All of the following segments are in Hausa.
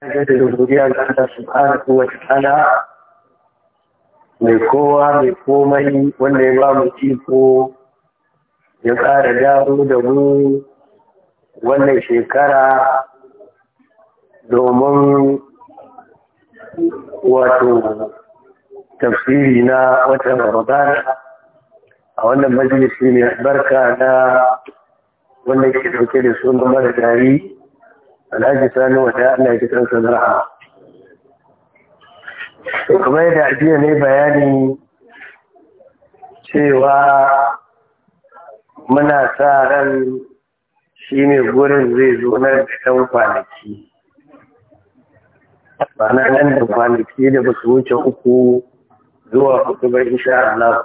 da godiya ga Allah subhanahu wa ta'ala mai kowa mai komai wanda ya ba mu iko ya ƙara dawo da mu wannan shekara domin wato tafsiri na wata a wannan majalisi mai albarka na wanda ke dauke da sunan marigari alhaji sani wata Allah ya kan sadara kamar yadda ajiya ne bayani cewa muna sa ran shi ne gurin zai zo na cikin kwanaki ba na nan da kwanaki da ba su wuce uku zuwa hudu ba insha Allah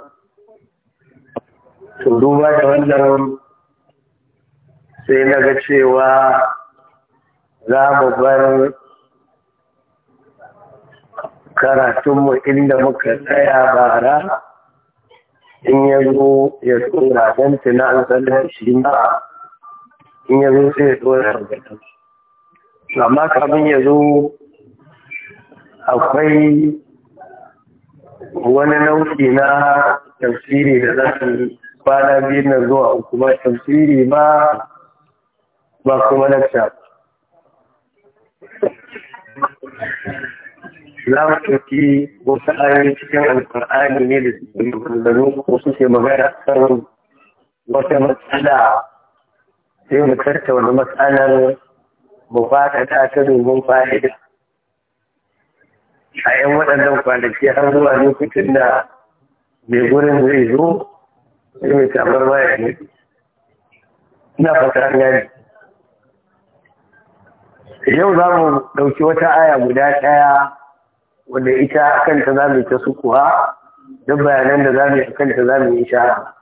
to duba da wannan sai na ga cewa za mu bar karatunmu inda muka tsaya bara in ya zo ya tsora don tuna an tsallar shi ba in ya zo sai ya tsora rubutun amma kamin ya zo akwai wani nau'i na tafsiri da za su kwana biyu na zuwa uku tafsiri ba ba kuma na shafi za mu ɗauki wasu cikin alkur'ani ne da maganganu ko suke magana kan wata matsala sai mu tattauna matsalar mu fata ta ta domin fa'ida a yan waɗannan kwanaki har zuwa lokacin da mai gurin zai zo sai mai tabar waya ne ina fata gani yau za mu ɗauki wata aya guda ɗaya wanda ita kanta za mu ta sukuwa duk bayanan da za mu yi kanta za mu yi sha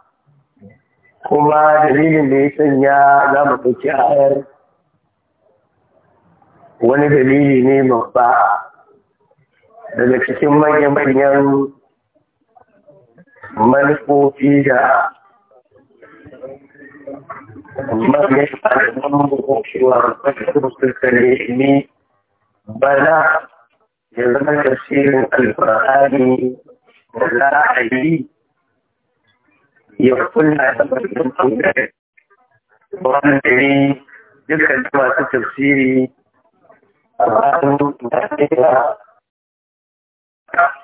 kuma dalilin da ya sanya za mu ɗauki ayar wani dalili ne babba daga cikin manyan manyan manufofi da amma da ya fara zama da cewa kashe ne bala ya zama tafsirin alfahari da za a yi ya kunna da bakin kudare wani dare masu tafsiri a bayan da ya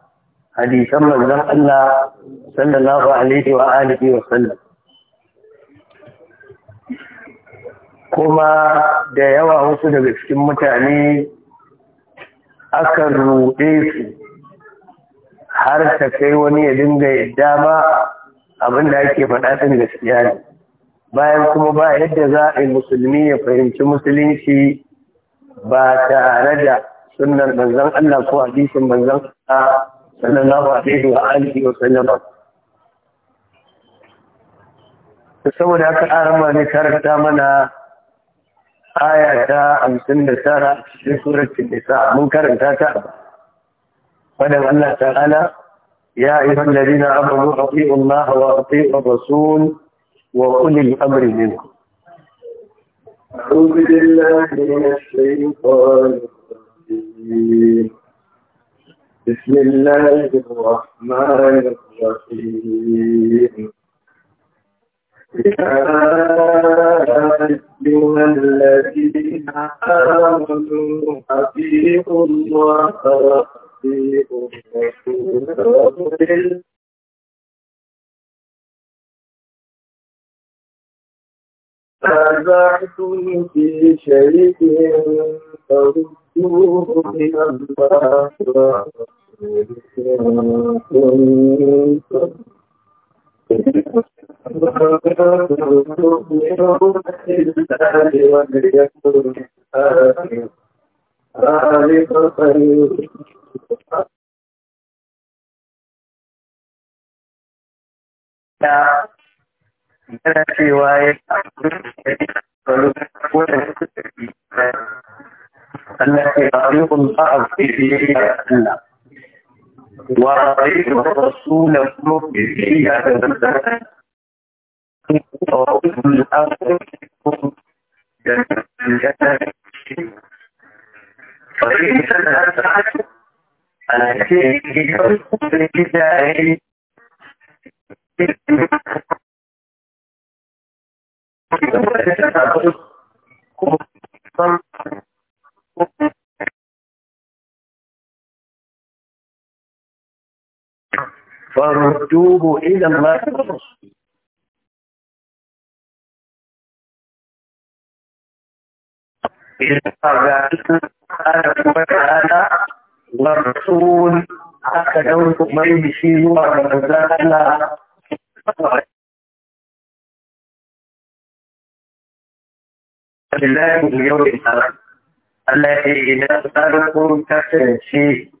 hadisan manzon Allah sallallahu alaihi wa alihi wa sallam kuma da yawa wasu daga cikin mutane akan rude su har ta kai wani ya dinga yadda ma abin da ake faɗa ɗin gaskiya ne bayan kuma ba yadda za a yi musulmi ya fahimci musulunci ba tare da sunnar manzon Allah ko hadisin manzon Allah صلى الله عليه وآله وسلم saboda haka arama ne karanta mana aya ta hamsin da tara cikin suratun nisa mun karanta ta fadan Allah ta'ala ya na ladina amanu atii'u Allah wa atii'u ar-rasul wa ulil amri minkum أعوذ بالله من الشيطان الرجيم بسم الله الرحمن الرحيم يا أيها الذين آمنوا أطيعوا الله وأطيعوا الرسول تابعتم في شيء فردوه إلى الله التي طريق صعب في الله وعليكم الرسول مبكي فليس الأسعد التي في الكتاب Thank you. فردوه إلى الله والرسول والرسول حتى لو تقبل بشيء ورزقنا لله اليوم الآخر التي إذا سألكم كفر شيء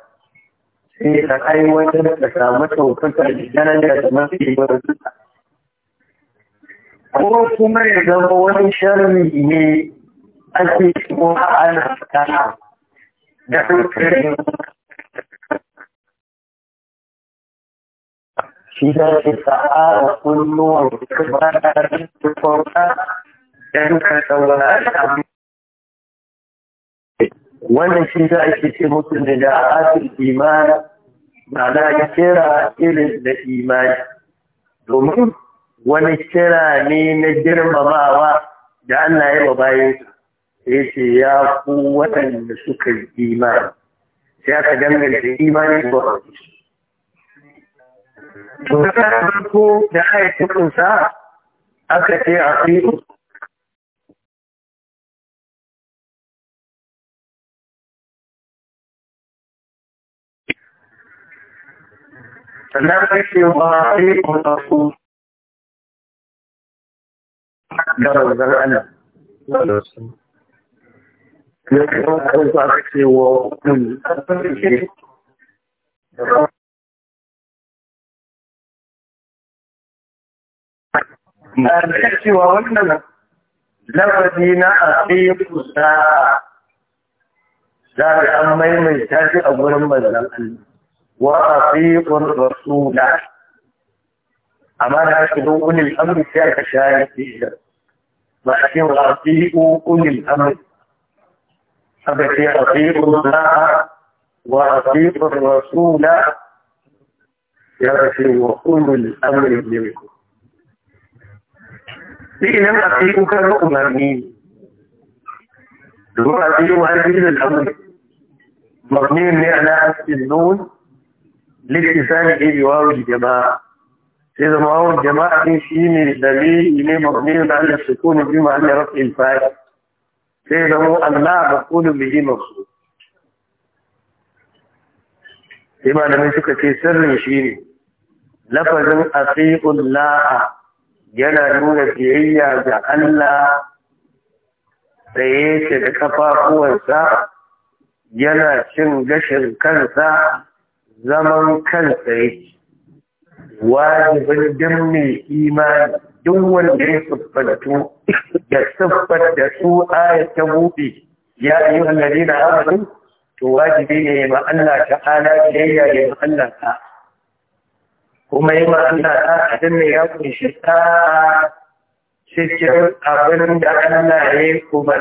sai ka aiwatar da samu ɗaukaka da daraja da mafi barzuka. Ko kuma ya zama wani sharri ne ake shigo a ana fata da hankalin shi za ki sa'ara kunnuwan kuma da rikikonka don ka saurara wannan shi za a ke ce musu da da'atul imana ma'ana kira irin da imani domin wani kira ne na girmamawa da Allah yi wa bayansa ya ce ya ku waɗanda suka yi imani sai aka danganta imani ko a To, da farko da aka ce a fi ذلك يضاعف الرسول درجة أنا ما بحث وولنا لوزين أقيم الساعة لا الأمين من تاج أبو المزل الله واطيق الرسول أما أنا أشهدوا أولي الأمر فيها كشاهد فيها بحكي وأطيعوا أولي الأمر أبكي اطيق الله واطيق الرسول يا بكي وأولي الأمر منكم لأن أطيعوا كانوا أمامين هو أطيعوا هذه الأمر مبني يعني على النون littisani ne bi wawon jama'a sai zama wawon jama'a din shi ne dalili ne mu'minu da Allah su kunu bi ma Allah rafi fara. sai zama Allah ba kunu bihi masu sai malamai suka ce sirrin shi ne lafazin asiqul la'a yana nuna biyayya ga Allah tsaye ce da kafafuwansa yana cin gashin kansa zaman kansa yake wajibin don mai imani duk wanda ya siffantu da siffar da su aya ta buɗe ya yi hallari na to wajibi ne ma Allah ta ala da ya ma Allah ta kuma yi ma Allah ta ya kunshi ta cikin abin da Allah ya yi kuma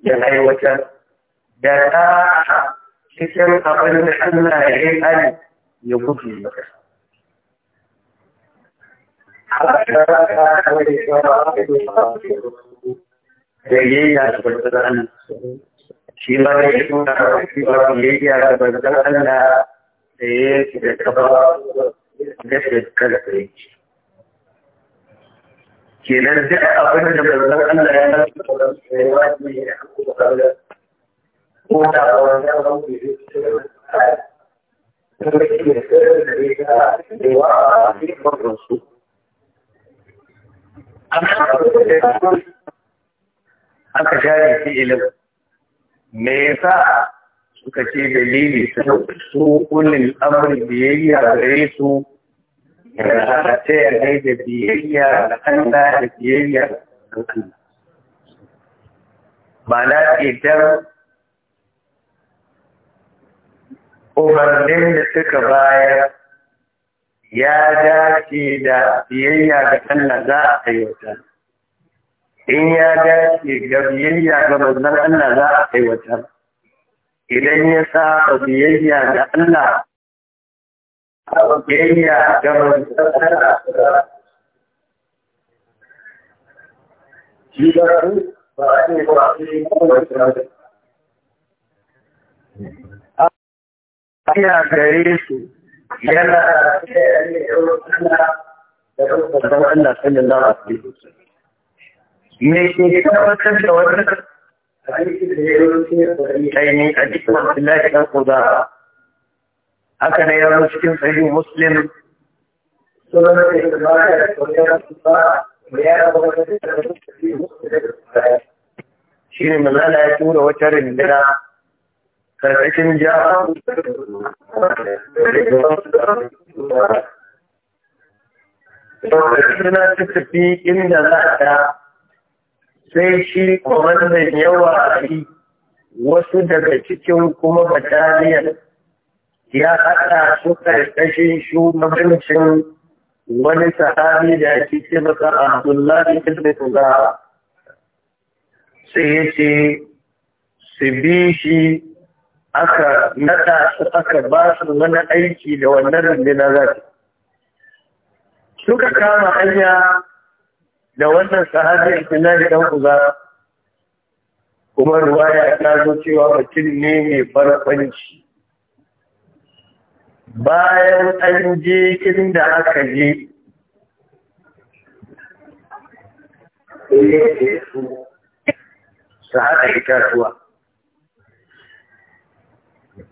ya aiwatar da ta cikin abin da Allah ya yi an ya gudu maka. Da yi ya tabbatar Allah, shi ma ya yi nuna shi ba ku yi ya tabbatar Allah da ya yi da kaba da shekara da yi. Kenan duk abin da manzon Allah ya yi da kaba da ya yi ko da da shi da a aka share fi'ilin me yasa suka ce dalili su kullin amri biyayya gare su da ta yarda da biyayya da Allah da biyayya da Allah. Ma'ana idan umarnin da suka bayar ya dace da biyayya ga Allah za a aiwata, In ya dace ga biyayya ga manzon Allah za a aiwata, Idan ya saba biyayya ga Allah, biyayya ga manzon Allah Shi ba ba a ce ba a ce ba ina gare su yana da wanda sanin da wasu me ke tabbatar da wannan ainihin a cikin abdullahi dan kuda haka ne ya cikin sahih muslim ya da shi ne mazala ya tura wata rindina karkashin ja'a suna ta tafi inda za ta sai shi kwamandan yawa a yi wasu daga cikin kuma bataliyar ya haɗa su karkashin shugabancin wani sahabi da ake ce masa Abdullahi ibn Tuga sai ya ce su bi shi aka nada su aka ba su wani aiki da wannan rundunar za suka kama hanya da wannan sahabi Abdullahi dan Uza kuma ruwaya ta zo cewa mutum ne mai farfanci bayan an je kin da aka je su haɗa itatuwa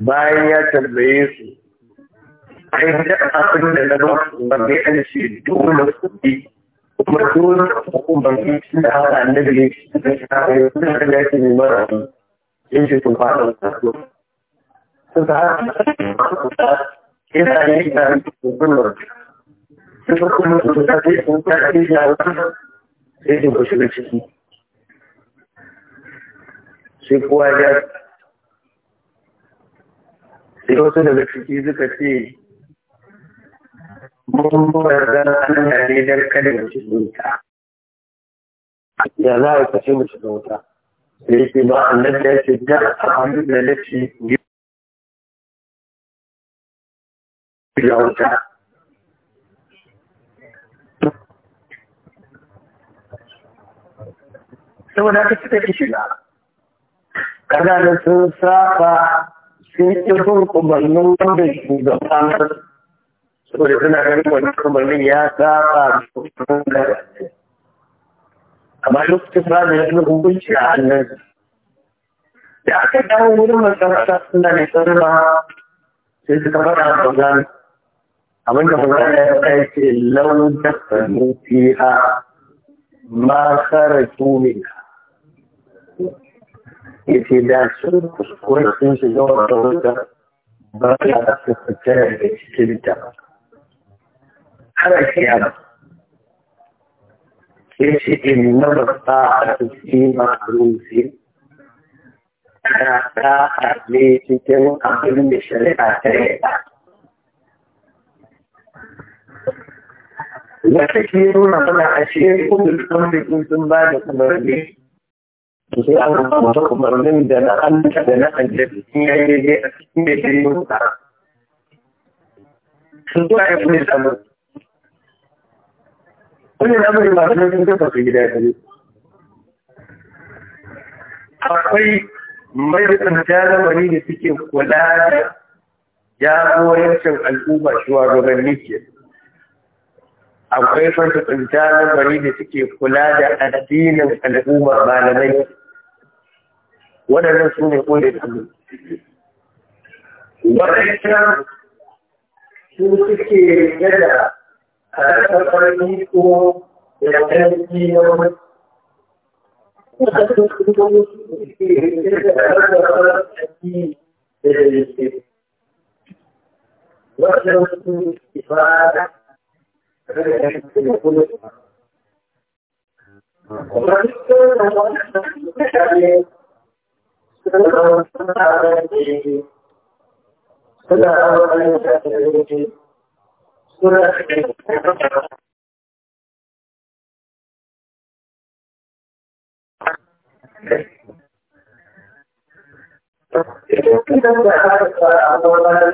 bayan ya tambaye su ai da abin da na ba su an ce dole su kuma dole su kuma bi sun da haka annabi ne shi da shi haka da ya ce mara in ce sun fara da su sun ta haka ina ne ga su kuma kuma su ta ce sun ta ce ya wata sai da shi da ciki sai ya sai wasu daga ciki suka ce mun barazana nan da ne don wuta ya kashe mu shiga wuta ya ce da da shiga wuta shiga da sun saba sun ƙi sun umarnin wanda shugabanar saboda suna ganin wani umarnin ya saba da da amma lokacin ba da yanzu hukunci a hannun da aka dawo wurin masarauta suna da sarrafa sai suka fara bazan abin da bazan ya yi ce launin da sanufi ha ma sarrafa yace da sun kuskure sun shiga wata wuta ba ya su fita daga cikin ta har a kiyama yace in na ba ta a cikin ma'arufi ana ta a ne cikin abin da shari'a ta yi wata ke nuna mana ashe kuma sun sun ba da kuma sai an ga mutum umarnin da na an da na an da in ya yi a cikin da shi mun tsara sun zuwa ya kuma samu wani na bari masu nan sun kafa su gida ya akwai mai tsantar zamani da suke kula da jagorancin al'umma shugabanni ke akwai fanta tsantar zamani da suke kula da addinin al'umma malamai waɗannan su ne ƙoye da hannu waɗancan su suke rike da karɓar iko da ƙarfi na wani su suke rike da karɓar ƙarfi da dalilai waɗannan su ifada da ƙarfi da kuma Kuma ƙarfi da wannan mutane suna suna rage suna rage suna rage Idan da aka fara a zaune zai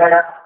da da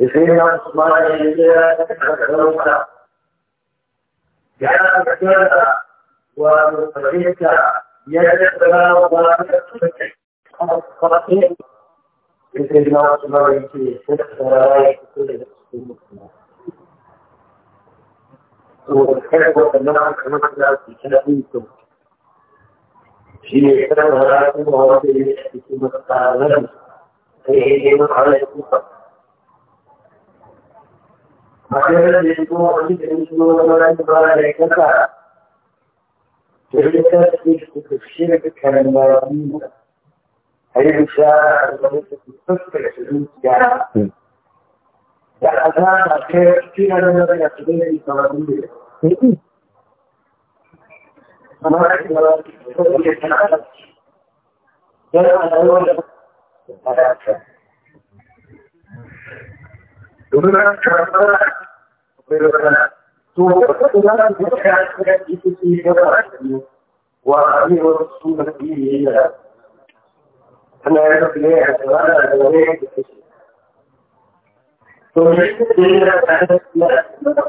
إذن الصلاة تخلق جاءتك ومستجدك يدك وضعتك الصلاة إذن الصلاة تخلق وتحب أن نعرف مثلا في تنبيكم shi ne kan harafin da wata yi a cikin matsalar sai ya yi neman alaƙi ba. Matsalar da ya kuma wani da ya shigo wani rani ba da ya kasa, ta yi ta ce shi da karin bayan a yi bishara da wani fuskar zuciya. Da a ta kai cikin ranar da ya shigo da ita wani da وعليه الرسول فيه إلى أنا أعرف ليه أتوانا أتوانا أتوانا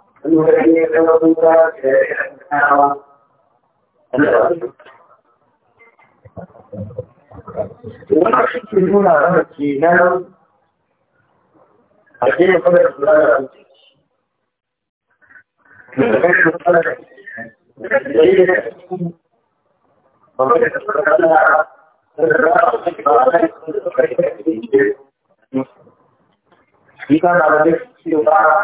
Wani suke nuna rana ke nan a cikin kuma da kula da Ita na da cikin ba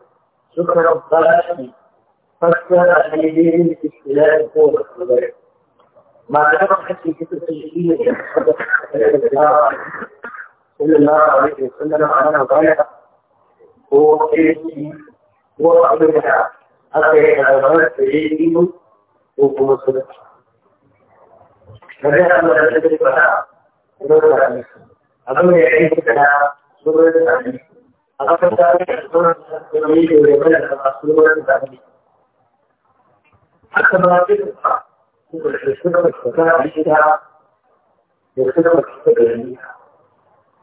شكر الصلاة فسر حديثين في اختلاف فوق الصغير ما نفقت في كتب الشيء صلى الله عليه وسلم على ضيعة هو كيسي هو أبدا أخي أبدا سيدي وكما صدق فجاء أبدا أنا أنا أنا أنا أنا أنا أنا أنا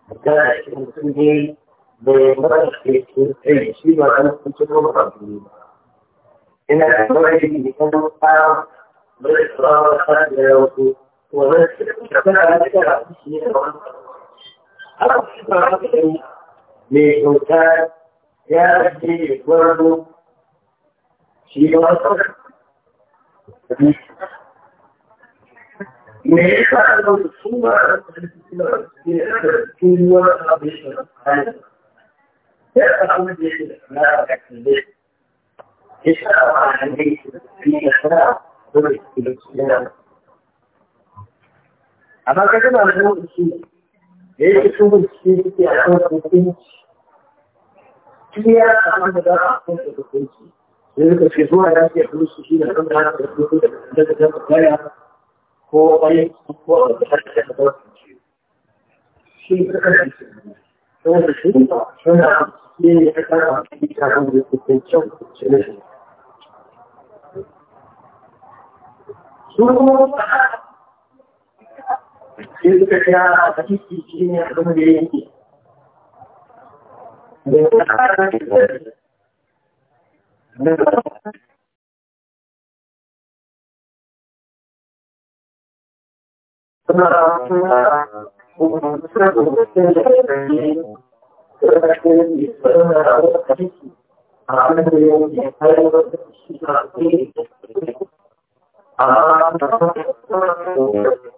فقد ذلك الزمن الدنيا والملك رسولا بعدي حكم بالحق أنا الفتاة يخدم الفتاة ذلك المسلمين بمرض الشيء وأن تنتظر مرضين إن أنا يكون قام بالإصرار والخادر ومن الشفاعة ذكر في الشيء وأن تنتظر mai kyauta ya ce gwarzo shi ba me yasa aka da su ba a cikin wani abu da shi sai a kuma da shi da na a cikin da ya sa a wani da shi da shi da sana da shi da shi da da su da ya fi sun bincike suke a kan hukunci da za a kan hukunci da ke kuma su shi da kuma da ta ta da sai suka kira a cikin shi ne a zama da yanki. Thank you.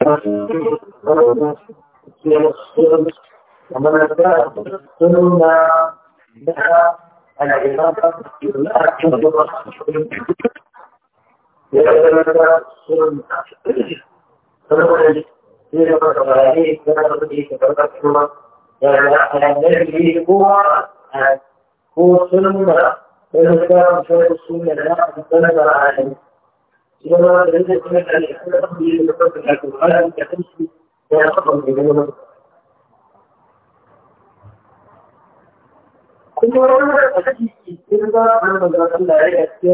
ومن ثم دعا العبادة لا تضر هو سنة فإذا كان شيء السنة yana تنزل من da cikin za a nan da ya yi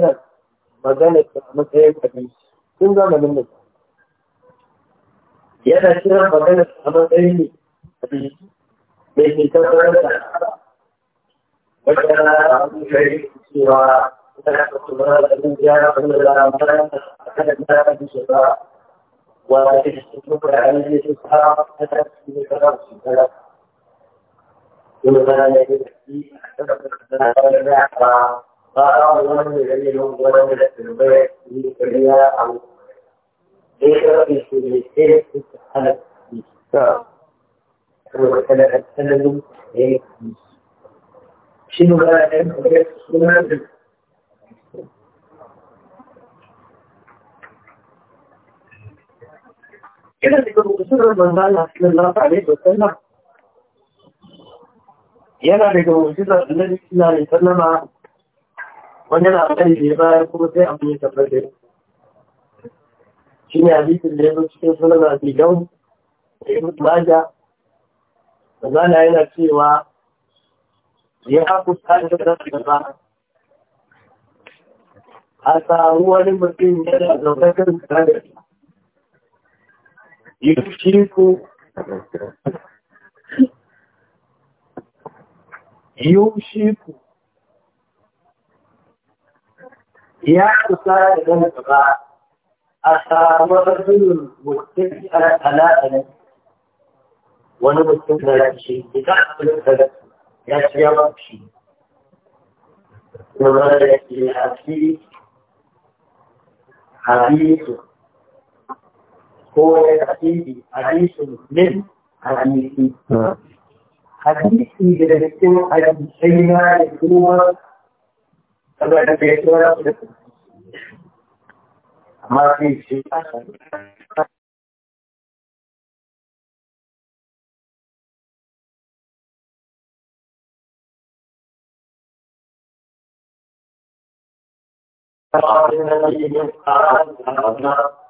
magana ta matsayin abinci tun zamanin da ta matsayin ne da da cewa وتشتكون عن الإسحاق أتت في ثلاث سنوات وما يكفي قال ولم يعلم ولم يدخل بيت في الرياء أو غير في سبيل السحاب وكان السند شنو بقى yana daga musulun manzana yana daga musulun annabi sallallahu alaihi kuma sai abu ya tabbata shi ne hadisin da ya zo cikin da ibn maja yana cewa ya haku tare da ba a wani mutum yana zaune kan e ya E da Chico. gaba a samu da a alaƙa wani mutum da ya ce idan abin da ya shi da wani da ya ko wani hadisi hadisin min hadisi. Hmm. Hadisi da da cikin hadisai na da kuma saboda da ke da su. Amma sai shi Terima kasih telah menonton!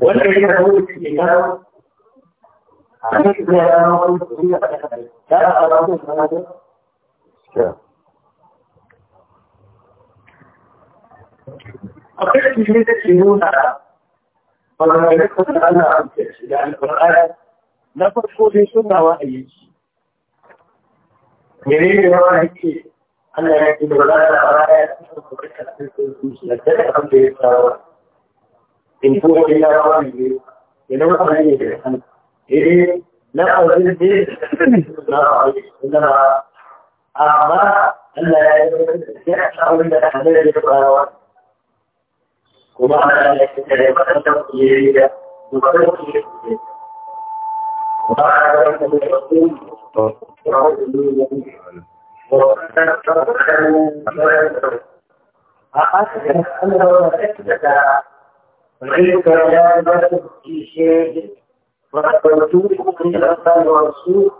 wanda ya kawo da ke kawo a kan da ya kawo da ke kawo da a kawo da kawo da akwai cikin da ke nuna ɓangare kusa ana amfani da na farko ne ya da ba za a raya ya kawo in kuma ya rawa ne ya zama kamar ne da eh na aure ne na aure na amma Allah ya yi ya aure da Allah ya rawa kuma Allah ya yi da matan yi da kuma da ku yi ba da ku yi to a a da Allah ya yi da علمك لا يملك شيء وقلتوكم من الأسان والرسول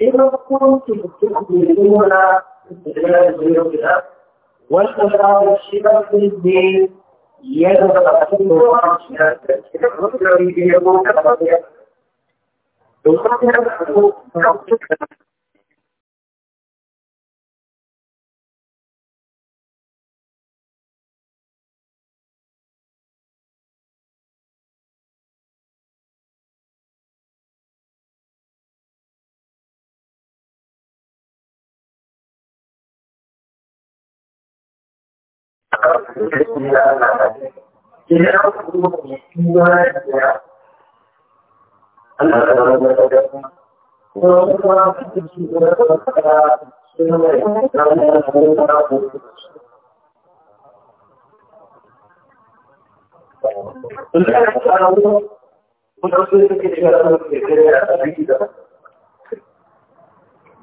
إذا كنتم تؤمنون بالله والأرض والأشعار الشبه في الدين يدخلون عشرة الرسل يدخلون عشرة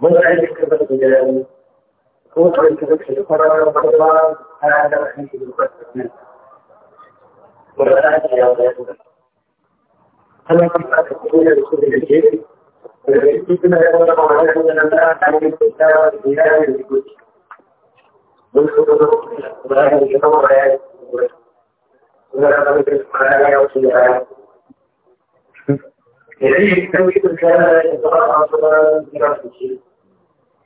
Mun aiki kasar da Jadi, kita mungkin berkata, kita akan mencoba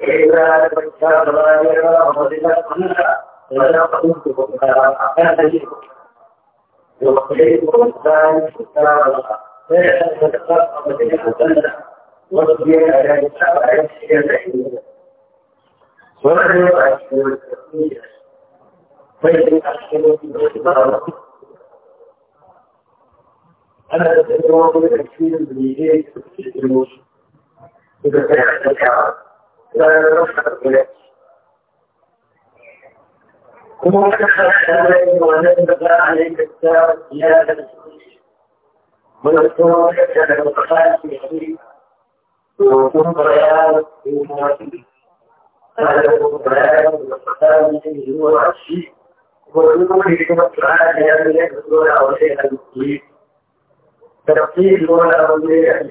فإذا تذكر ذلك وضلت عنها ولا قلتكم فأكان لكم يعطيكم ذلك الكتاب فإذا تذكر وضلت عنها وصبر على الكتاب على الشيء ومن يؤثر التكفير فيؤثر الكتاب أنا أتدور بالتكفير من يديك في الجنوش إذا كان kuma ka haɗa wannan da za a yi ko kuma da da a wani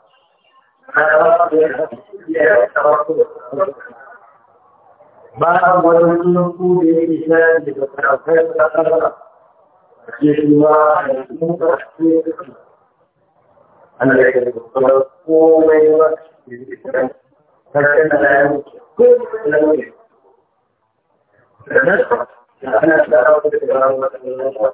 ba wani nufu da ya ke shayar da karafai da ƙasa ke shiwa da cikin ƙarfi da su ana da ke kuma komai ba ƙarfi da ya mutu ko da ya mutu da ana tsara da ƙarfi da ya mutu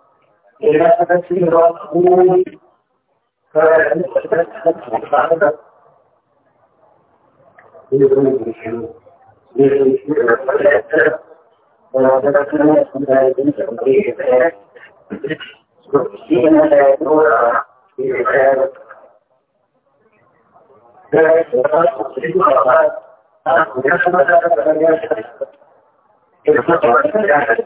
إلى نفسي رسول Thank you.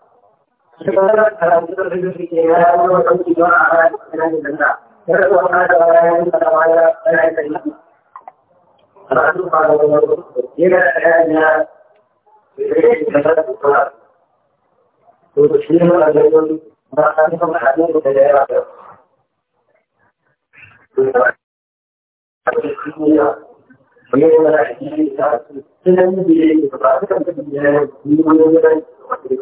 فقالت على مستقبل في كيها وعود جماعة على سنان الجماعة فلقوا هذا ولا ينفع ولا ولا يتجمع فقالوا قالوا الله إذا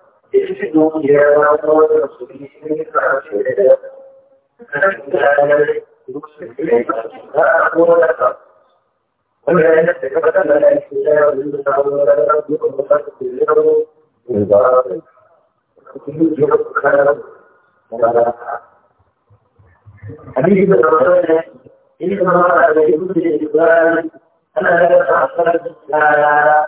اجدوا يا رسولي فاعتدوا فاعتدوا ولا يتكلم الانسان الا ربكم فاغفروا بالباطل يوجب خيرا ولا حديث الرسول إن الله على يد الإنسان ألا يتعصب الساعة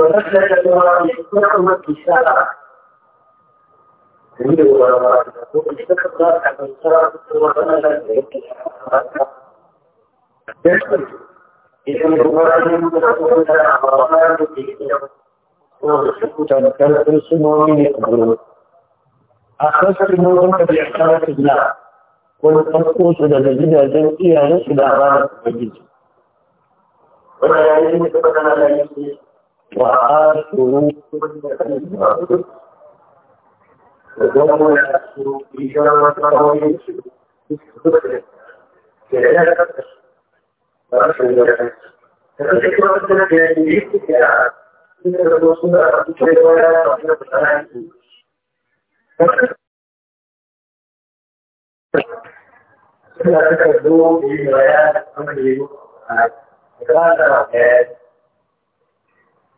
من أسلك بما يستحمى الكساء يريد وراء الاستخدام عن الكساء وأنا لا يمكن إذا إبراهيم تقول أعراض أخذت الموضوع بإحسانة الله والتنقوص للذين جمعية نسل أعراض الجزء ولا يجب أن لا يجب وآتوا Thank you.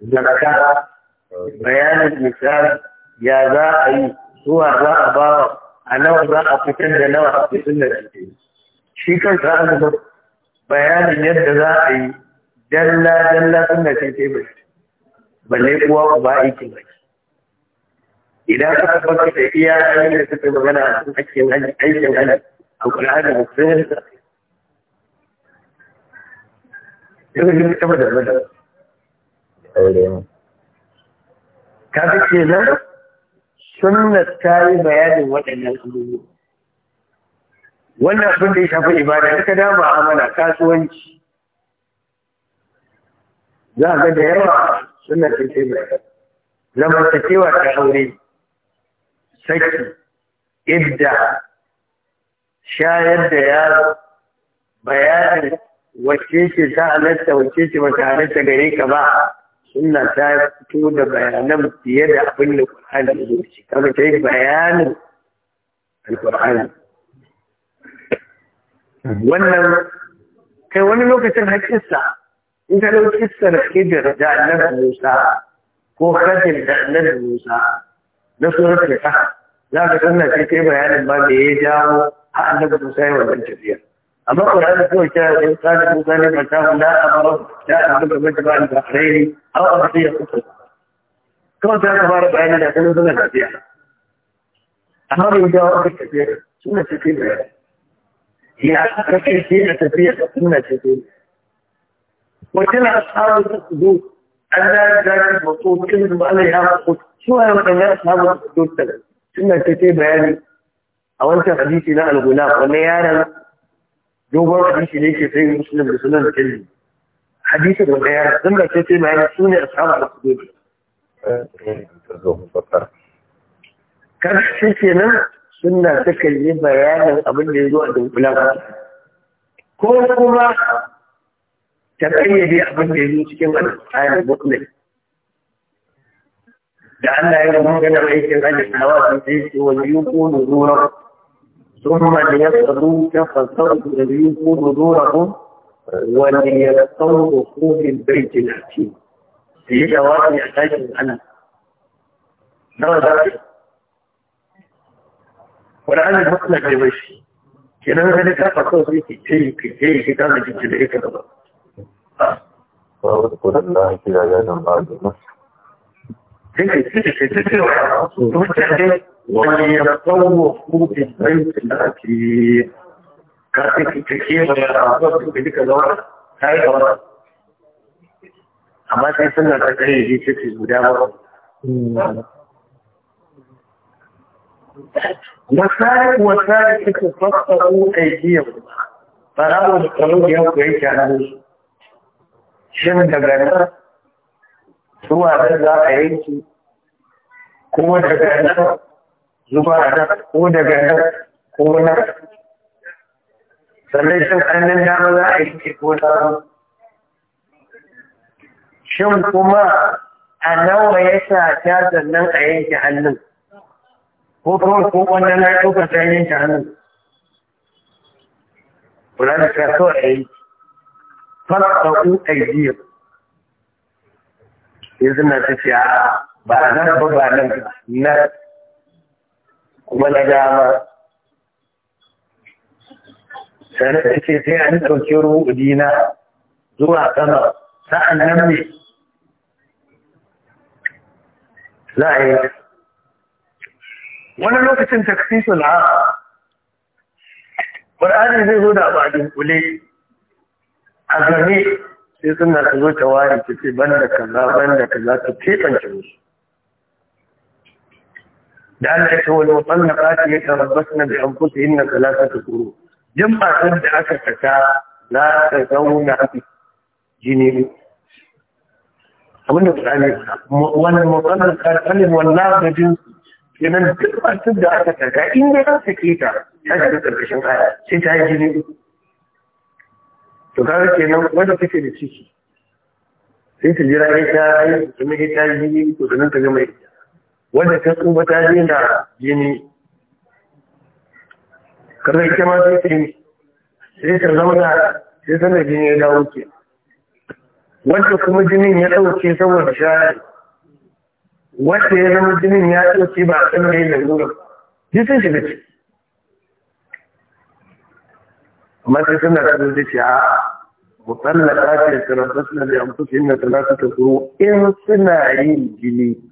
Zaka bayanin misali ya za a yi zuwa za a bawa a nawa za a fitar da nawa a fitar da shi shi kansa an zuba bayanin yadda za a yi dalla dalla sun da ce ce ba balle kuwa ba aikin ba. idan ka tabbata da iya ayyukan da suka magana a kan aikin hali a kula da mutum ya rika. Yau ne ta bada bada. aure mu fi ce nan sunna ta yi bayanin waɗannan abubuwa wannan abin da ya shafi ibada ya ka dama amana kasuwanci za a ga da yawa suna ta ce mai zamantakewa ta aure saki idda shayar da yaro bayanin wacce ce ta halatta wacce ce ba ta halatta gare ka ba sunna ta fito da bayanan fiye da abin da Qur'ani ya zo shi kaga ta yi bayanin Al-Qur'ani wannan kai wani lokacin hakinsa in ka ɗauki kissar Khidir da Annabi Musa ko Khadir da Annabi Musa na suratul Kahf za ka sanna sai kai bayanin ma da ya jawo har Annabi Musa ya wannan tafiyar A ko da ko ta da ta da ko kare da ta da amma ta da ko da ba da kare au a fiye ku ko ta da fara bayani da kullu da tafiya amma da ita ta tafiya suna tafiya ya ka ce shi da tafiya suna tafiya ko tana asaru da su Allah ya ga ko ko kin da ba ya ku suna da wannan asaru da su suna tafiya bayani a wancan hadisi na al-gulam yaran dogon hadisi ne ke sai muslim da sunan kalli hadisi da daya dan da ke sai a sunan ashabu al-qudud kan shi kenan sunna ta kalli bayanin abin da yazo a dunkulan ko kuma ta kayyade abin da yazo cikin al-ayat muslim da Allah ya magana aikin hajji da wasu sai wani yuko ko zuwa ثم ليسألوك فلترد الذين نذورهم وليستوقفوا من البيت الحكيم. في جواب يحتاج أنا. نرى ذلك. والآن المطلق لوجهي. kenan wani ta faso zai ke ce ke ce ke ta da jikin da ita gaba. Sai ke ce ke ce ce wa mutane وليتطوفوا بالبيت الأتيم كاتب التكييف ويتعرضوا بتلك الورق هاي ورق amma sai suna ta kare shi cikin guda ba Masalik wasalik aiki fassaru aidiyar farawo da kaloriyar ku yake na Shin daga nan zuwa da za a yanki kuma daga nan zuba a nan ko daga nan ko nan sannan shin hannun dama za a yi ke ko na shin kuma a nawa ya sa ta sannan a yanke hannun ko kawai ko wanda na ɗauka ta yanke hannun kula da ta so a yi fasa'u aijiyar yanzu na tafiya ba nan ba ba nan na kuma na dama sannan ta ce sai an ɗauki na zuwa sama sa'an nan ne za a yi wani lokacin takfisul na ƙwararri zai zo da ba a a game sai suna ta zo ta ware ta ce ban da kaza ban da kaza ta keɓance musu da Allah ya ce wani musamman ƙati ya tarabbas na bi an kusa yin na talata kuro. Jin da aka saka na ta zauna jini. Abin da tsani wani musamman ƙalin wannan da jin kenan duk masu da aka saka in ya ta sake ta ta shiga ƙarƙashin aya sai ta yi jini. To kaga kenan wanda take da ciki sai ta jira ita ai kuma ita yi to da nan ta gama ita. wanda ta tsuba ta daina jini kada ita ma sai ta yi sai ta zauna sai na jini ya dawo ke wanda kuma jinin ya ɗauke saboda shayar wanda ya zama jinin ya ɗauke ba a tsanar yin lalura duk sun shiga ciki amma sai suna tsanar da ce a'a mutsallaka ce tarabbas na da amfusu yi na talata ta in suna yin jini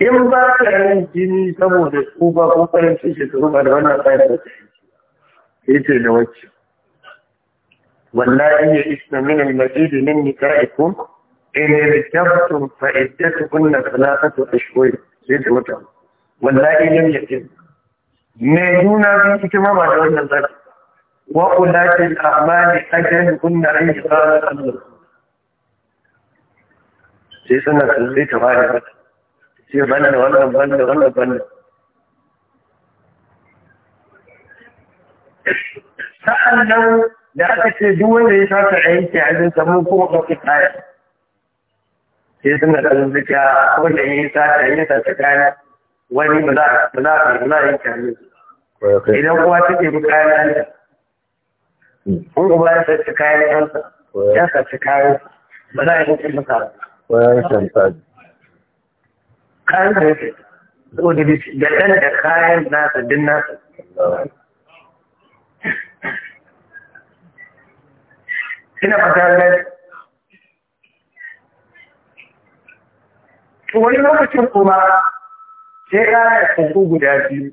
in ba ka yin jini saboda su ba ko farin cin su ba da wannan tsarin da ya ce da wacce wallahi ya minin majidi nan majid ka nika'ikum in kunna fa iddatukunna ta ashhur sai da wata wallahi ya yakin me juna biyu ita ma ba da wannan tsarin wa ulatil a'mali ajalukunna an yusara Allah sai suna sun sai ta wata sai banda wannan wannan sa'an nan da aka ce duk wanda ya sata a yanke abin kuma ɗauki kaya sai suna ɗan zuciya wanda ya yi sata ya sata kaya wani ba a ba a idan kuma ta ɗebi kayan ɗansa in kuma ya sata kayan ɗansa ya sata kayan ba kayan da yake saboda da ɗan da kayan nasa din nasa ina fata gani wani lokacin kuma sai ka ya kuku guda biyu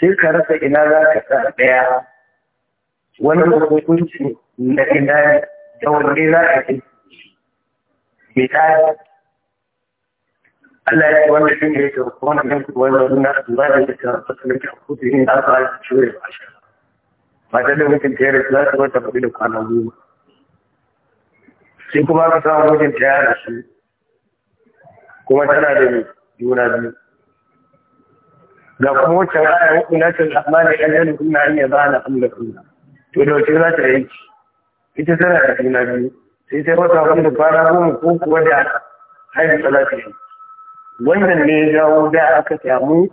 sai ka rasa ina za ka sa ɗaya wani hukunci na ina da wanne za a ce misali Allah ya ce wannan shi ne yake kuma nan ku wannan wannan ba da yake kan fasalin ke ku ne da aka ci shi ba shi ba da mutum ta yare za ta wata da kwana goma sai kuma ka samu mutum ta yara shi kuma tana da juna biyu ga kuma wacce ra'ayi hukun na ce amana kan yana kuna iya zana amla kuna to da za ta yi ita tana da juna sai sai wata wanda kwana goma ko kuwa da haihu za ta wannan ne ya jawo da aka samu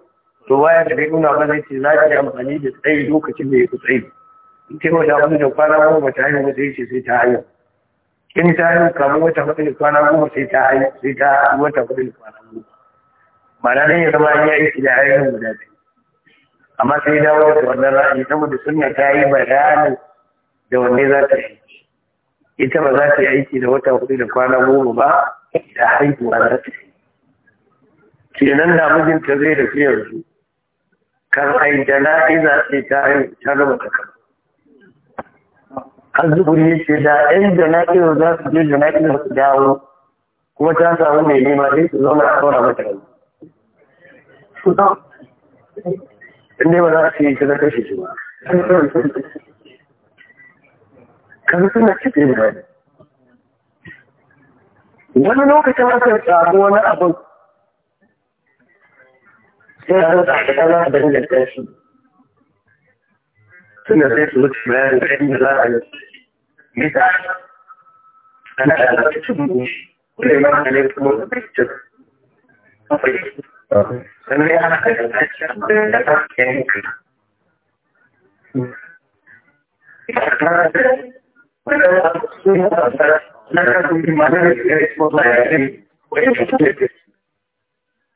to waya da bai nuna zai ce za ta yi amfani da tsayi lokacin da ya fi tsayi ita ce wata wani da kwana goma ta hanyar wata yace sai ta hanyar in ta hanyar kamar wata hudu da kwana goma sai ta hanyar sai ta wata hudu da kwana goma ma'ana ne ya zama an yi aiki da hanyar guda biyu amma sai dawo da wannan ra'ayi saboda sunna ta yi bayani da wanne za ta yi ita ba za ta yi aiki da wata hudu da kwana goma ba da haihuwa za ta yi kenan da ta zai da su kan ai da na'iza ce ta yi ta raba ta kan har ya ce da ɗan jana'iza za su je jana'iza su dawo kuma ta samu mai nema sai su zauna a kawara mata rai in dai ba za su yi ta na shi ba kan suna cikin ba wani lokacin aka samu wani abu. sai a rasa da kaza da da tashi suna sai su wuce bayan kai da za a yi mita da ne da da da ta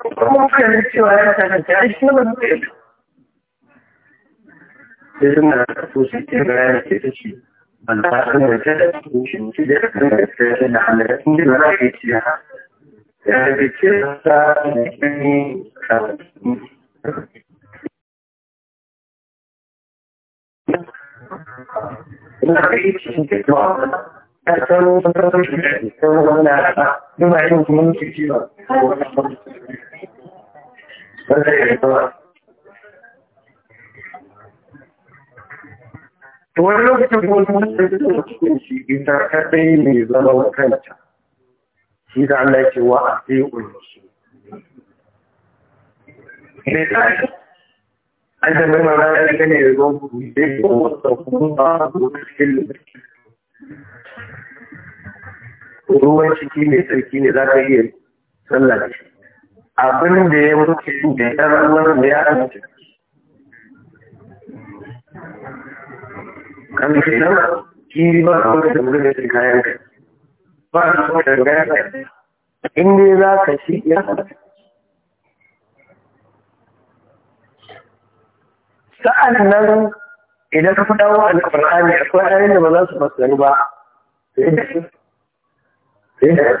kuma kana cewa ya a shi ba zai sai suna so su ke bayan ta ce ta san da su shi da da ta da ba ka ya da ne na ba ina yin kuma ci ba ko to wani lokacin kuma mun sai da cikin shi ita kadai ne zama wakanta shi da Allah yake wa a sai ulmusu ne ta an da mai mara ya gane da zo ku sai ko da kuma ku cikin ruwan mai tsarki ne za ka iya sallah abin da ya wuce da ya ruwan da ya amince kan ke nan kiri ba a wani da wurin da kayan ka ba a so da kayan ka in dai za ka shi ya sa'an nan idan ka fi dawo alƙur'ani akwai ayoyin ba za su fasaru ba sai da sai da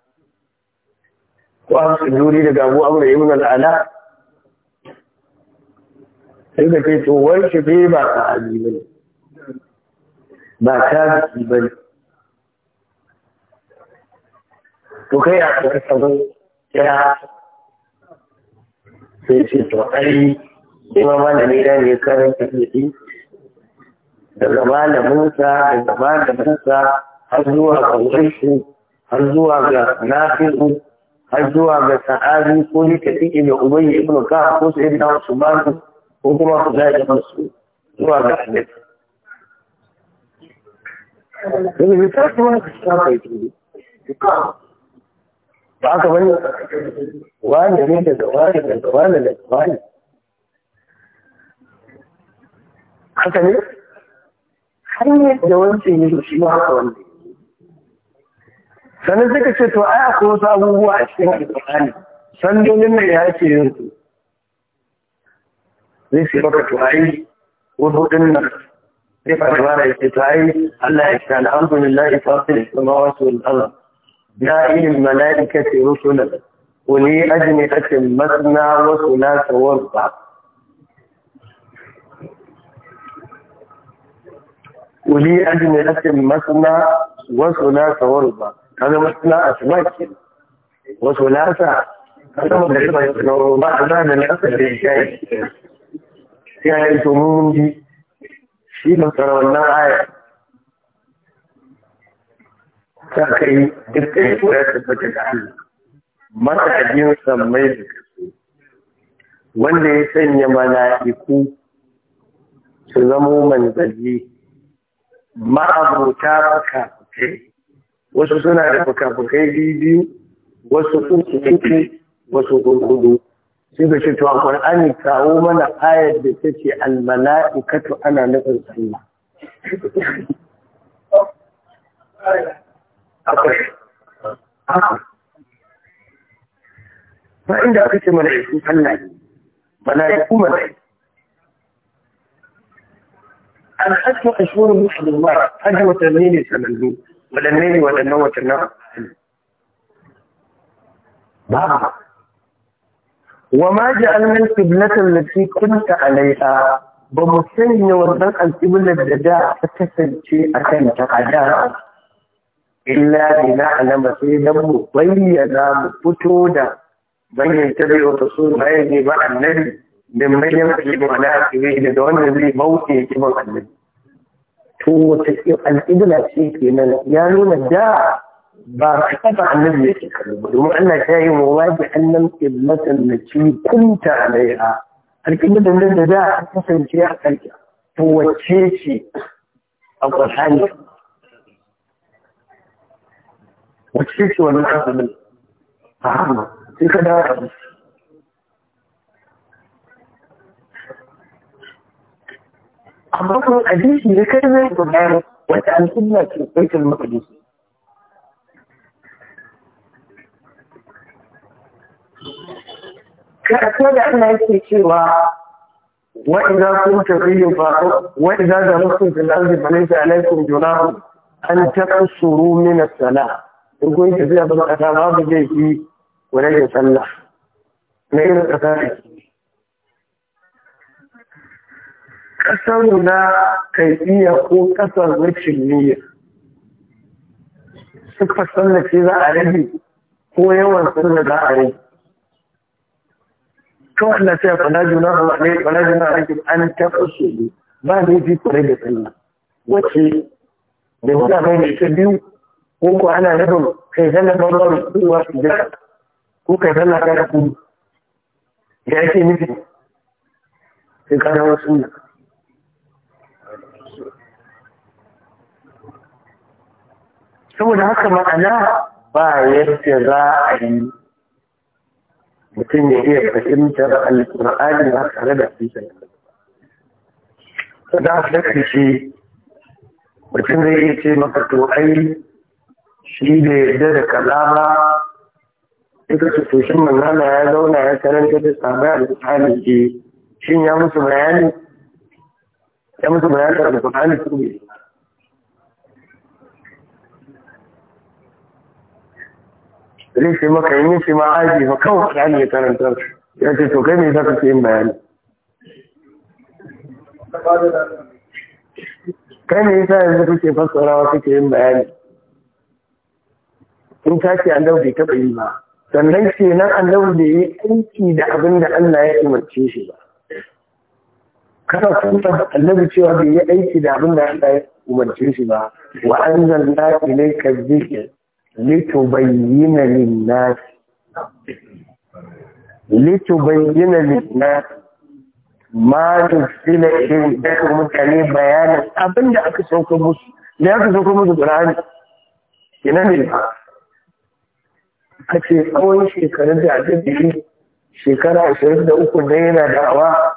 wa zuri daga abu amur ibn al'ala sai ka ce tsohon shi bai ba sahabi ba ne ba tabi'i ba ne to kai a kuka saman ya sai ce to ai ima malami Da ne karanta fiye daga malaminsa daga Musa, har zuwa ga wurinsu har zuwa ga nafi'u har zuwa ga sa'adi ko likati ibn ubayy ibn ka'ab ko sai da ba usman ko kuma ku zai da masu zuwa ga annabi Daga bitar kuma ka shafa ne? ba ka bani wani ne daga wani daga wani da wani haka ne har ne da wancan ne shi ma haka wanda sannan suka ce to ai akwai wasu abubuwa a cikin alƙur'ani sandolin nan ya ce yin su zai ce baka to ai wududin nan sai faruwa da ce to ai Allah ya ce alhamdulillah fasil samawati wal ardh da'i al malaikati rusulan uli ajnihatin masna wa thulatha wa ruba' uli ajnihatin masna wa thulatha wa ruba' kaga masana asuba ke wasu lasa kaga magariba ya tsoro ba a zana ne aka da shayi sai ya to mun bi? shi ne tsara wannan aya ta kai dukkan su ya bata da Allah matajin sammai da kasu wanda ya sanya mana mala'iku su zamo manzanni ma'abuta fuka kai. wasu suna da fuka-fukai biyu wasu uku uku wasu hudu sun da shi tuwa Qur'ani kawo mana ayar da ta ce almala'ikatu ana nufin Allah ba inda aka ce mana mala'iku Allah ne mala'iku mala'iku an shi wani musulman hajji mutane ne sanannu waɗanne ne waɗannan watannin ba wa ma ja'alna da lati kunta a alaiha ba mu sanya wannan alƙiblar da da ta kasance a kan ta da, illa bi na alama sai dan mu bayyana mu fito da bayyana ta wata su bayyana ba annabi da manyan kiban na da wanda zai bauke kiban annabi to wata al'ibla ce nan ya nuna da ba a taɓa annabi yake kallo domin Allah ta yi wa wajen annan iblatan da ci kunta alaiha da nan da za a kasance a kanta to wacce ce a ƙwarhani wacce ce wannan azumin a hama sai ka dawo a amma kuma hadisi da kai zai ko na wata al-sunna ce ko ta maqdis ka ko da Allah yake cewa wa idza kuntum tayyibun fa wa idza zalaktum fil ardi fa laysa alaykum junahu an taqsuru min as in kun tafiya ba ka ta ba ku je sallah ne ne ka ta ƙasar na kaifiya ko ƙasar rikin niyya suka sallace za a rage ko yawan da za a rage to Allah sai kwana juna Allah ne kwana juna rage an su ne ba da yi kure da sunna wace da wata mai ne ta biyu ko ko ana nufin kai zalla ba ba kuwa su da ko kai zalla ka da ya ce miki sai kana wasu sunna saboda haka ma'ana ba yadda za a yi mutum ya iya fahimtar alƙur'ani ba tare da fi da da shi mutum zai iya ce maka to ai shi da yadda da kalama ita su to shin manzana ya zauna ya karanta da sabai alƙur'ani ke shin ya musu bayani ya musu bayani da alƙur'ani su ne laifi maka yin laifi ma aji fa kawai ka ya karanta ya ce to kai me za ka ce yin bayani kai ne yasa yanzu kake fassarawa kuke yin bayani in ta ce an bai taɓa yi ba sannan ke nan annabi bai yi aiki da abin da Allah ya umarce shi ba kana kuma annabi cewa bai yi aiki da abin da Allah ya umarce shi ba wa anzalna ilayka dhikra لتبين للناس لتبين للناس ma nufila irin daga mutane bayanin abin da aka sauka musu da aka sauka musu ƙur'ani ina ne a ce tsawon shekarun da aka biyu shekara ashirin da uku da yana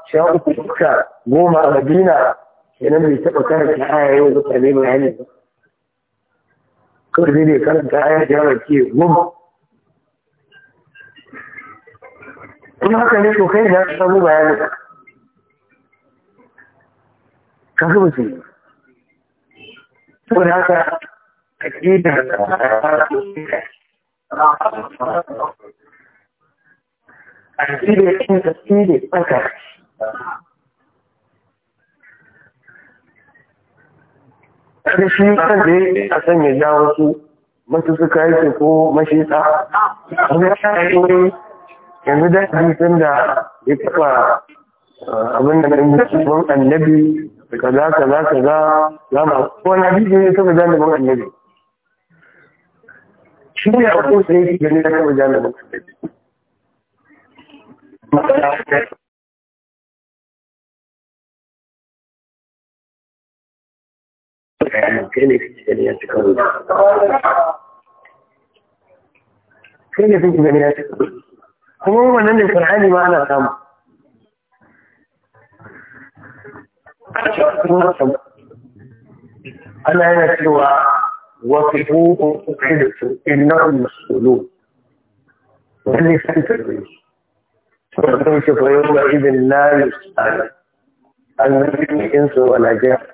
sha uku suka goma a madina ina bai taɓa karanta aya yau mutane bayanin ba kawai ne karanta ya jarar ke goma kuma haka ne to kai ya samu bayanin ka zuba su saboda haka a ƙidar da a ƙidar da ƙidar tsaka kada shi kan da a san ya ja wasu masu suka yake ko mashita kuma ya yi wani yanzu da shi tun da ya taɓa eh, abin da ɗan yi ban annabi kaza kaza kaza za ma ko na bidiyo ya taɓa jan ban annabi shi ne a kusa yake gani ya taɓa jan ban annabi bayanin kai ne kake gani ya ci karo kai ne kake gani ya kuma wannan da qur'ani ma ana samu ana yana cewa wasu hukun kai da su innahum masulun wani san tarbi saboda kuma shi fa yau ba idin la yusal an yi insu wala jihar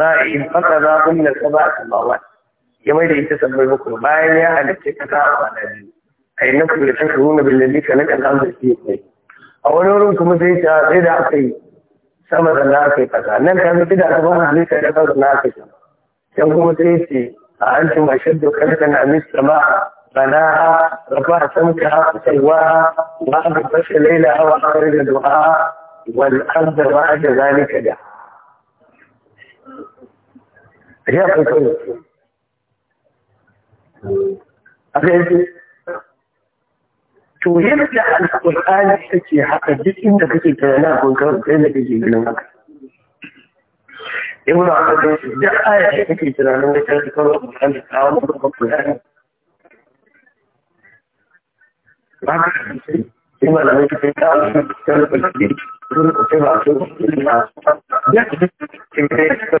sa'in faka za kun da ba a samawa ya mai da ita sabbai bakwai bayan ya halitta ka sa a na biyu a yi nufin da ta shuru na billabi ka na kan zama shi kai a wani wurin kuma sai ta sai da aka yi sama da aka yi kasa nan ta zai da aka fara halitta da kansu na aka yi can kuma sai ce a an ci mashin da kansa na ha rafa a ba amis sama'a بناها رفع سمكها وسواها وأغطش ليلها وأخرج دعاها والأرض بعد da ha هي القيصرية أفهمت؟ to yadda alƙur'ani take haka duk inda kake tunanin kun kawai sai da kake ganin haka ibn al-qasim duk aya da kake tunanin wata ta kawai alƙur'ani ta wani babban alƙur'ani ba ka kasance sai malamai ka sai kawo shi ta alƙur'ani sun kusa ba su kusa ba duk da kake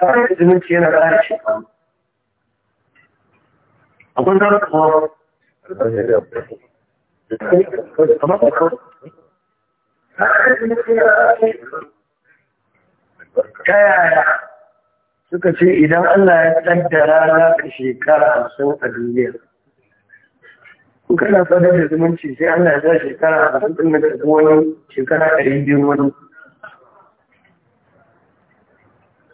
ƙarar da zumunci yana ƙara shekaru akwai zara kuma ta yaya suka ce idan Allah ya tattara za ka shekara hamsin a duniya in kana sadar da zumunci sai Allah ya sa shekara hamsin ɗin da wani shekara ɗari biyu wani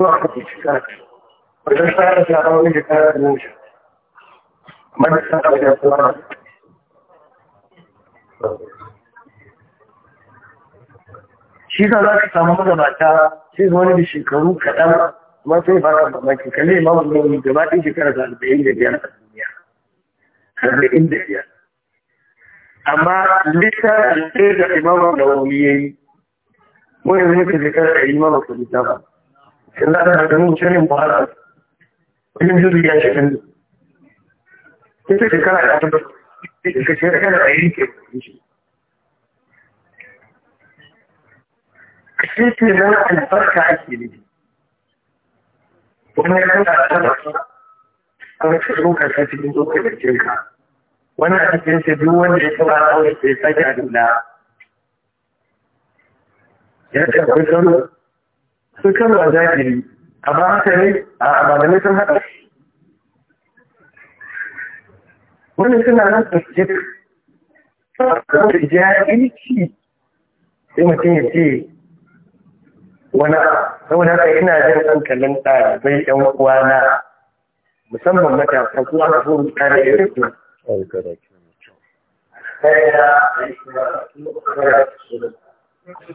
وقت الشكاك وإذا شارك يا قومي shi da za ka samu magabata sai zuwa wani da shekaru kaɗan ma sai fara mamaki kalli ma wani wani ba ɗin shekara da arba'in da biyar a duniya arba'in da biyar amma littafin da imama da wani yayi wani zai ka shekara da imama ku ba. Kendilerine adamı uçanın bağlar. Benim yüzü gerçekten. Kesin tekrar hayatımda. Kesin tekrar ayrı kesin. Kesin tekrar albarka ake ne. Wannan kan da ta an ka ɗauka ka cikin ɗaukar jikin ka. Wannan cikin sa duk wanda ya taɓa aure sai sake a dula. Ya taɓa sanar sun a da A ba haka ne a abadane sun haɗa wani suna nan su ce da jahilci sai mutum ya ce wani saboda haka ina jin hankalin ɗalibai 'yan uwana musamman matasa kuma a kuma kare irin su Thank you.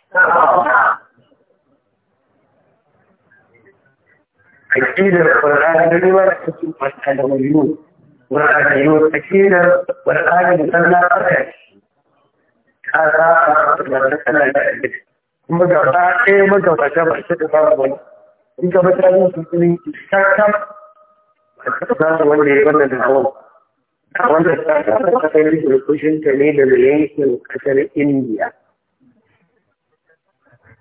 Aqidah Quran ini adalah kesempatan dan wujud. Quran ini adalah aqidah Quran yang terlapar. Allah berkata dalam ayat ini. Mudah tak, mudah tak jawab sesuatu pun.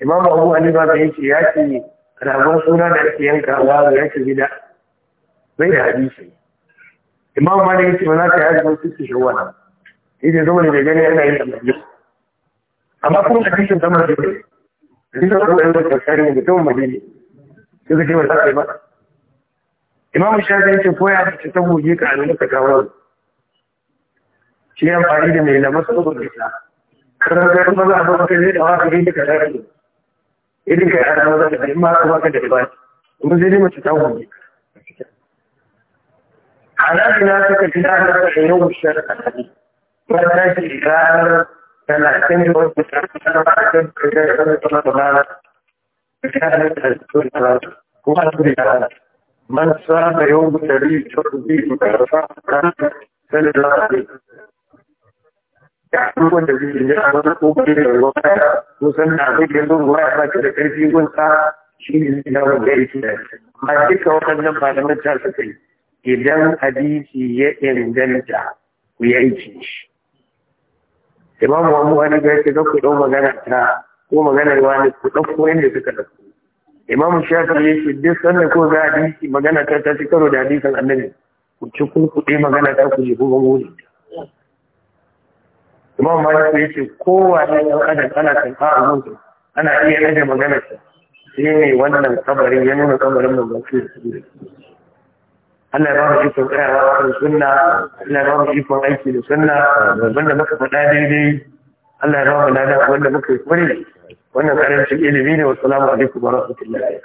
imam abu hanifa da yake ya ce ragon suna da ake yanka wa ya yake gida bai da hadisi imam ma da yake ba za ka yi azumin suke shawara yake ne da gani yana yin amfani amma kuma da kishin zama da bai da kishin da bai da kasar da zama madini sai ka ce za ka yi ba imamu shafi yake koya su ta goge ka ne ka kawo shi amfani da mai lamar su goge ta karantar maza a zama kai da waka gani ka dace idan ka yana maza da in ma ka baka da ba kuma sai dai mace ta goge halabi na suka fi na da yau shari'a ne ba ta shi ranar talatin da wasu shari'a ba ta kai da wani tsamar da ba ta kai da wani tsamar da ba ta kai da wani tsamar da ba من سام يوم تريد ترضيه كرفا كان سلالة يعلم الذي جاء وقبل الوقاية وسمع به الله ما كيف ينسى شيء من غير ما تلك وقدم بعد ما تشاركت idan hadisi ya inganta ku yi aiki shi imamu abu wani gaisa ku ɗau magana ta ko maganar wani ku ɗauko yadda suka imam shakar ya ce duk sannan ko za a dinki magana ta ta karo da hadisan annabi ku ci kurkuɗe magana ta ku je ku ga wuri imam malik ya ce kowa ne ɗan adam ana kan ka a ana iya rage magana ta shi ne wannan kabarin ya nuna kabarin mai ba da su Allah ya ba mu ikon tsayawa kan sunna Allah ya ba mu ikon aiki da sunna wanda muka faɗa daidai Allah ya ba mu ladan wanda muka yi kwarai wannan karancin ilimi ne wasu alaikum wa rahmatullahi